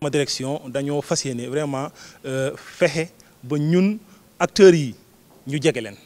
ma direction dañoo fas yéene vraiment euh, fexe ba ñun acteurs yi ñu jege leen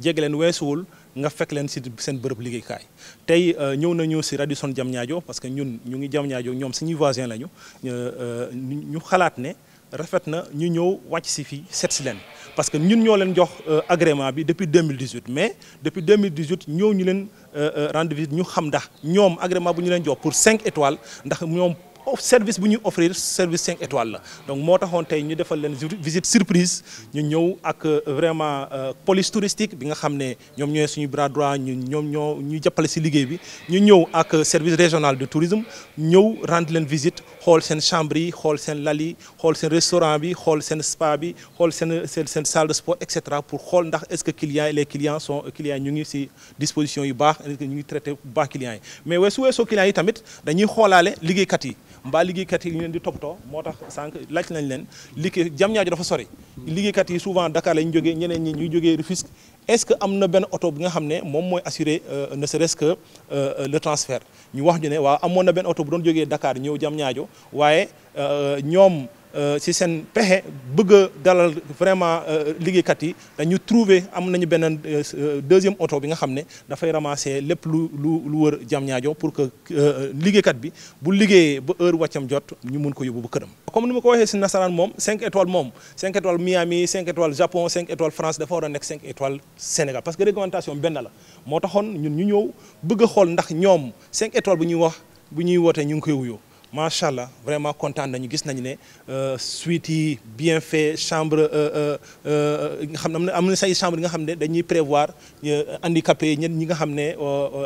jege leen weesuwul nga fekk leen si seen bërëb kaay tey euh, ñëw nañu si Radisson Diamniadio parce que ñun ñu ngi Diamniadio ñoom suñuy voisin lañu euh, ñu xalaat ne. rafet na ñu ñëw wàcc si fii seet si leen parce que ñun ñoo leen jox euh, agrément bi depuis 2018 mais depuis 2018 ñëw ñu leen euh, euh, rendre visite ñu xam ndax ñoom agrément bu ñu leen jox pour cinq étoiles ndax ñoom service bu ñuy offrir service cinq étoiles la donc moo taxoon tey ñu defal leen visite surprise ñu ñëw ak vraiment police touristique bi nga xam ne ñoom ñooy suñu bras droit ñu ñoom ñoo ñu jàppale si liggéey bi ñu ñëw ak service régional de tourisme ñëw rendre leen visite xool seen chambre yi xool seen lal xool seen restaurant bi xool seen spa bi xool seen seen de sport et cetera pour xool ndax est-ce que clients yi les clients sont clients yi ñu ngi ci disposition yu baax est-ce que ñu ngi traité bu baax clients yi mais weesu weesoo clients yi tamit dañuy xoolaale liggéeykat yi mbaa liggéeykat yi ñu leen di toppatoo moo tax sànq laaj nañ leen liggéey jam ñaajo dafa sori yi souvent Dakar lañu jógee ñeneen ñi ñuy jógee Rufisque est-ce que am na benn oto bi nga xam ne moom mooy assurer euh, ne serait-ce que euh, le transfert ñu wax ñu ne waaw amoon na benn oto bu doon jógee dakaar ñëw Diamniadio waaye euh, ñoom. Euh, si seen pexe bëgg a dalal vraiment euh, liggéeykat yi dañu trouver am nañu beneen euh, deuxième oto bi nga xam ne dafay ramasser lépp lu lu lu wër Diamniadio pour que liggéeykat bi bu liggéeyee ba heure wàccam jot ñu mun ko yóbbu ba këram. comme ni ma ko waxee si nasaraan moom 5 étoiles moom 5 étoiles Miami 5 étoiles Japon 5 étoiles France dafa war a nekk 5 étoiles Sénégal parce que réglementation benn la moo taxoon ñun ñu ñëw bëgg xool ndax ñoom cinq étoiles bu ñuy wax bu ñuy wootee ñu ngi koy wuyoo. macha allah vraiment kontaan nañu gis nañu ne euh, suite yi bien fait chambre euh, euh, nga xam ne am na say chambre yi nga xam ne dañuy prévoir handicapés ñen ñi nga xam ne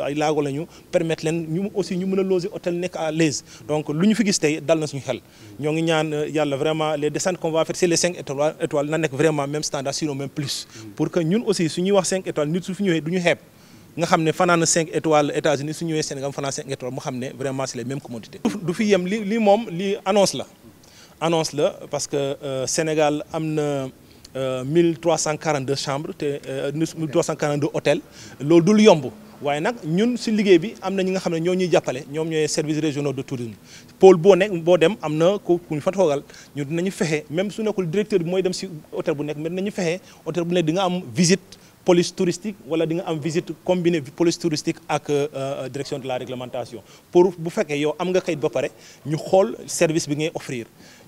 ay laago lañu permettre leen ñu aussi a loger hôtel nekk à l'aise donc lu ñu fi gis tey dal na suñu xel ñoo ngi ñaan yàlla vraiment les descentes qu'on va faire c'est les cinq étoiles étoiles na nekk vraiment même standard sinon même plus mm. pour que ñun aussi suñuy wax cinq étoiles nit su fi ñu xeeb nga xam ne fanaan cinq étoiles États-Unis su ñëwee Sénégal fanaan cinq étoiles mu xam ne vraiment c'est les mêmes commodités. du fi yem li moom li annonce la annonce la parce que euh, Sénégal am na 1342 euh, chambres te 1342 euh, hôtels loolu dul yomb waaye nag ñun si liggéey bi am na ñi nga xam ne ñoo ñuy jàppale ñoom ñooy service régionaux de tourisme pôle boo nekk boo dem am na ku ñu fa toogal ñu dinañu fexe même su nekkul directeur bi mooy dem si hôtel bu nekk mais ñu fexe hôtel bu nekk am visite. police touristique wala di nga am visite combinée police touristique ak euh, euh, direction de la réglementation pour bu fekkee yow am nga kayit ba pare ñu xool service bi ngay offrir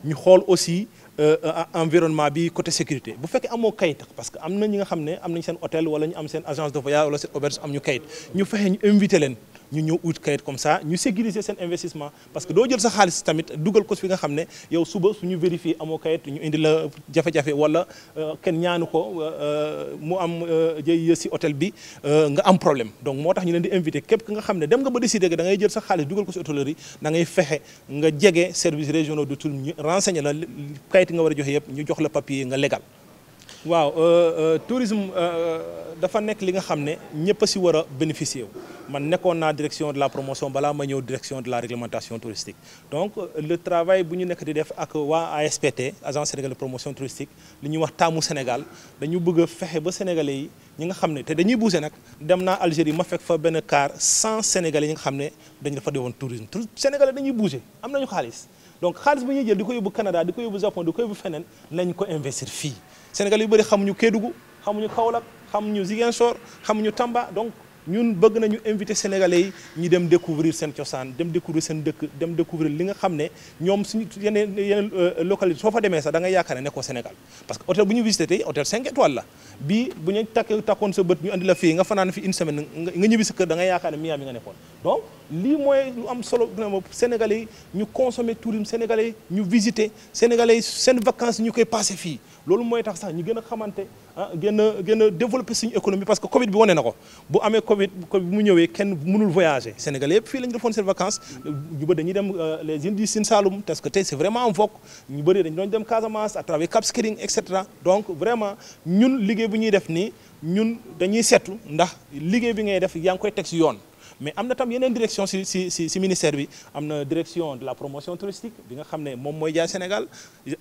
ñu xool aussi euh, environnement bi côté sécurité bu fekkee amoo kayit parce que am na ñi nga xam ne am nañ seen hôtel wala ñu am seen agence de voyage wala seen auberge am ñu kayit ñu fexe ñu invité leen. ñu ñëw ut kayit comme ça ñu sécuriser seen investissement parce que doo jël sa xaalis tamit dugal ko fi nga xam ne yow suba su suñu vérifier amoo kayit ñu indi la jafe-jafe wala euh, kenn ñaanu ko euh, euh, mu am jëy si hôtel bi nga am problème donc moo tax ñu leen di invité képp ki nga xam ne dem nga ba décider que da jël sa xaalis dugal ko si hôtellerie da fexe nga jege service régionaux de tourisme ñu renseigner la kayit nga war a joxe yëpp ñu jox la papier nga légal waaw euh, euh, tourisme euh, dafa nekk li nga xam ne ñëpp a si war a bénéficier wu man nekkoon naa direction de la promotion balaa ma ñëw direction de la réglementation touristique donc le travail bu ñu nekk di def ak waa ASPT agence sénégalaise de promotion touristique li ñuy wax taamu Sénégal dañu bëgg fexe ba sénégalais yi ñi nga xam ne te dañuy bouse nag dem naa Algérie ma fekk fa benn car sans sénégalais yi nga xam ne dañu dafa defoon tourisme sénégalais dañuy bouse am nañu xaalis donc xaalis bu ñuy jël di ko yóbbu Canada di ko yóbbu Japon ko yóbbu nañ ko investir fii Sénégal yu bëri xamuñu Kédougou xamuñu Kaolack xamuñu Ziguinchor xamuñu Tamba donc ñun bëgg nañu invité sénégalais ñu dem découvrir seen cosaan dem découvrir seen dëkk dem découvrir li nga xam ne ñoom suñu yeneen yeneen euh, localité soo fa demee sax da nga yaakaar ne nekkoo Sénégal parce que hôtel bu ñu visité tey hôtel bët ñu andi la fii nga fanaan fi une semaine nga ñibbi sa kër da yaakaar ne Miami nga nekkoon donc lii mooy lu am solo vraiment ñu consomé tourisme sénégalais ñu visiter sénégalais yi seen vacances ñu koy passé fii loolu mooy tax sax ñu gën a xamante ah gën a gën a économie parce que Covid bi wane na ko bu amee Covid Covid bu mu ñëwee kenn mënul voyager Sénégalais yëpp fii la ñu defoon seen vacances ñu dañuy dem euh, les îles du Sine Saloum parce que tey c'est vraiment en vogue ñu bëri dañu doon dem Casamance à travers Cap Skirring donc vraiment ñun liggéey bu ñuy def nii ñun dañuy seetlu ndax liggéey bi ngay def yaa ngi koy teg si yoon mais am na tam yeneen direction si si si si ministère bi am na direction de la promotion touristique bi nga xam ne moom mooy jaay Sénégal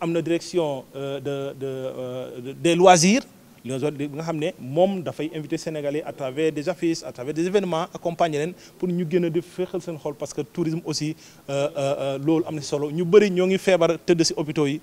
am na direction euh, de euh, de des loisirs les autres bi nga xam ne moom dafay invité Sénégalais à travers des affiches à travers des leen pour ñu gën a di féexal seen xol parce que tourisme aussi euh, loolu am na solo ñu bëri ñoo ngi feebar tëdd si hôpitaux yi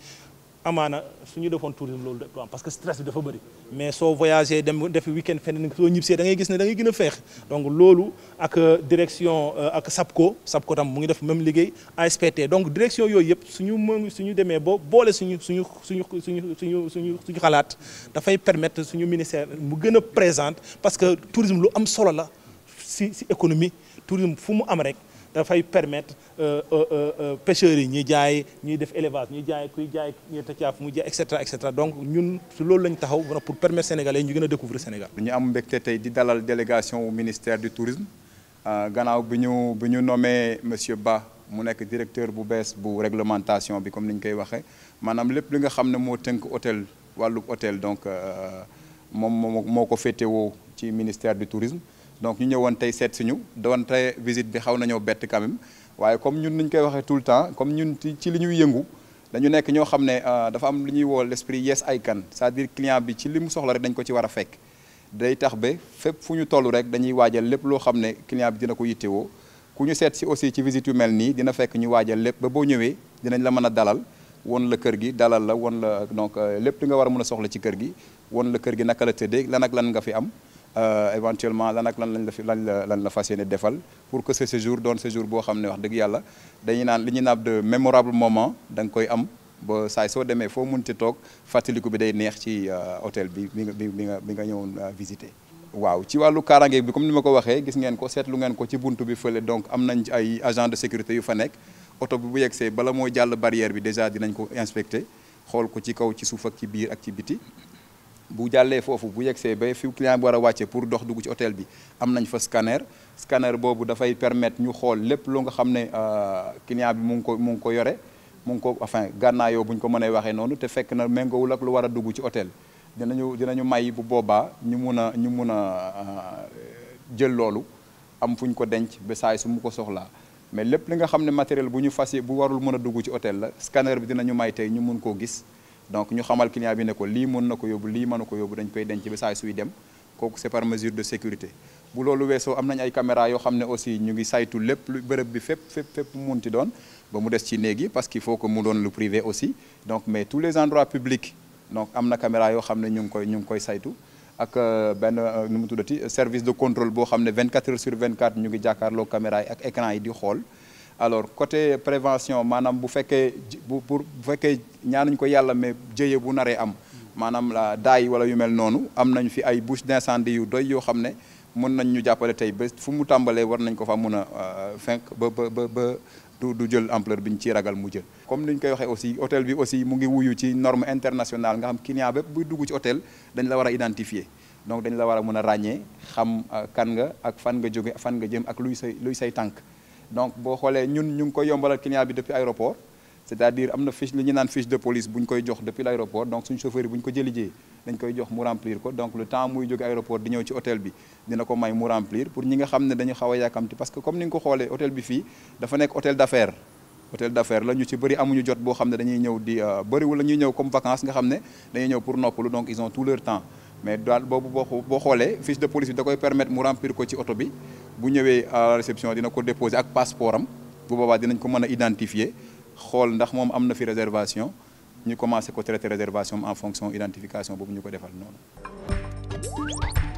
amaana suñu defoon tourisme loolu du am parce que stress bi dafa bari mais soo voyagé dem def week-end feneen soo ñibsee da ngay gis ne da ngay gën a feex donc loolu ak euh, direction euh, ak sab ko sab ko tam mu ngi def même liggéey ASPT donc direction yooyu yëpp suñu mën suñu demee boo boole suñu suñu suñu suñu suñu suñu suñu xalaat dafay permettre suñu ministère mu gën a présente parce que tourisme lu am solo la si si économie tourisme fu mu am rek dafay permettre euh, euh, euh, pêcheurs yi ñuy jaay ñuy def élevage ñuy jaay kuy jaay ñetti caaf mu jaay et cetera et donc ñun si loolu lañ taxaw pour permettre sénégalais ñu gën a découvrir Sénégal. ñu am mbégte tey di dalal délégation au ministère du tourisme gannaaw bi ñu bi ñu nommé monsieur Ba mu nekk directeur bu bees bu réglementation bi comme ni ñu koy waxee maanaam lépp li nga xam ne moo tënk hôtel wàllu hôtel donc moom moo ko féetewoo ci ministère du tourisme. donc ñu ñëwoon tey seet si ñu doonte visite bi xaw nañoo bett quand même waaye comme ñun ni ñu koy waxee tout le temps comme ñun ci li ñuy yëngu dañu nekk ñoo xam ne euh, dafa am lu ñuy woo l'esprit yes ay kan c'est-à-dire client bi ci li mu soxla rek dañ ko ci war a fekk day tax ba fépp fu ñu toll rek dañuy waajal lépp loo xam ne client bi dina ko yittewoo ku ñu seet si aussi ci visite yu mel nii dina fekk ñu waajal lépp ba boo ñëwee dinañ la mën a dalal won la kër gi dalal la won donc euh, lépp li nga war a mën a soxla ci kër gi won la kër gi naka la tëddee lan ak lan nga fi am Euh, éventuellement lan ak lañ la fi lan la lan la fas yéene defal pour que ce séjour doon séjour boo xam ne wax dëgg yàlla dañu naan li ñuy naan de mémorable moment da koy am ba saay soo demee foo munti toog fàttaliku bi day neex ci euh, hôtel bi bi nga bi nga bi nga ñëwoon euh, visiter. waaw ci wàllu kaaraange bi comme ni ma ko waxee gis ngeen ko seetlu ngeen ko ci buntu bi fële donc am nañ ay agent de sécurité yu fa nekk oto bi bu yegg see bala moo jàll barrière bi déjà dinañ ko inspecté xool ko ci kaw ci suuf ak ci biir ak ci biti. bu jàllee foofu bu yegsee ba fi client bi war a wàcce pour dox dugg ci hôtel bi am nañ fa scanner scanner boobu dafay permettre ñu xool lépp lu nga xam ne euh, client bi mu ngi ko mu ngi ko yore mu ngi ko enfin gànnaayoo bu ñu ko mënee waxee noonu te fekk na méngoowul ak lu war a dugg ci hôtel dinañu dinañu bu boobaa ñu mun a ñu mun a euh, jël loolu am fu ko denc ba saay su mu ko soxlaa mais lépp li nga xam ne matériel bu ñu fas bu warul mën a dugg ci hôtel la scanner bi dinañu may tey ñu mun koo gis donc ñu xamal client bi ne ko lii mën na ko yóbbu lii mën na ko yóbbu dañ koy denc ba saa suy dem kooku c'est par mesure de sécurité bu loolu weesoo am nañ ay caméra yoo xam ne aussi ñu ngi saytu lépp lu bërëb bi fépp fépp fépp mu munti doon ba mu des ci néegi parce qu'il faut que mu doon lu privé aussi donc mais tous les endroits publics donc am na caméra yoo xam ne ñu ngi koy ñu ngi koy saytu ak euh, benn euh, nu mu tuddati service de contrôle boo xam ne 24 heures sur 24 ñu ngi jàkkaarloo caméra yi ak écran alors côté prévention maanaam bu fekkee bu pour bu fekkee ñaanuñ ko yàlla mais jëye bu naree am maanaam la daay wala yu mel noonu am nañ fi ay bouches d'incendie yu doy yoo xam ne mën nañ ñu jàppale tey ba fu mu tàmbalee war nañ ko fa mun a euh, fenk ba ba ba du jël ampleur bi ñu ciy ragal mu jël. comme ni ñu koy waxee aussi hôtel bi aussi mu ngi wuyu ci norme internationale nga xam client bépp buy dugg ci hôtel dañ la war a identifier donc dañ la war a mën a ràññee xam euh, kan nga ak fan nga jóge fan nga jëm ak luy say luy say tànk. donc boo xoolee ñun ñu ngi koy yombalal client bi depuis aéroport c'est-à-dire am na fiche ñu naan fiche de police bu koy jox depuis l'aéroport donc suñu chauffeur yi bu ko jëli jee dañ koy jox mu remplir ko donc le temps muy ci hôtel bi dina ko may mu remplir pour ñi nga xam ne dañu xaw a parce que comme ni nga ko xoolee hôtel bi fii dafa nekk hôtel ñu ci bëri amuñu jot boo xam ne dañuy ñëw di euh, bëriwul la ñuy ñëw comme vacances nga xam ne dañuy ñëw pour noppalu donc ils ont tout leur temps mais daal boobu boo boo xoolee fiche de police bi da koy permettre mu remplir ko ci oto bi bu ñëwee à la réception dina ko déposé ak passeport am bu boobaa dinañ ko mën a identifier xool ndax moom am na fi réservation ñu commencé ko traiter réservation en fonction identification boobu ñu ko defal noonu.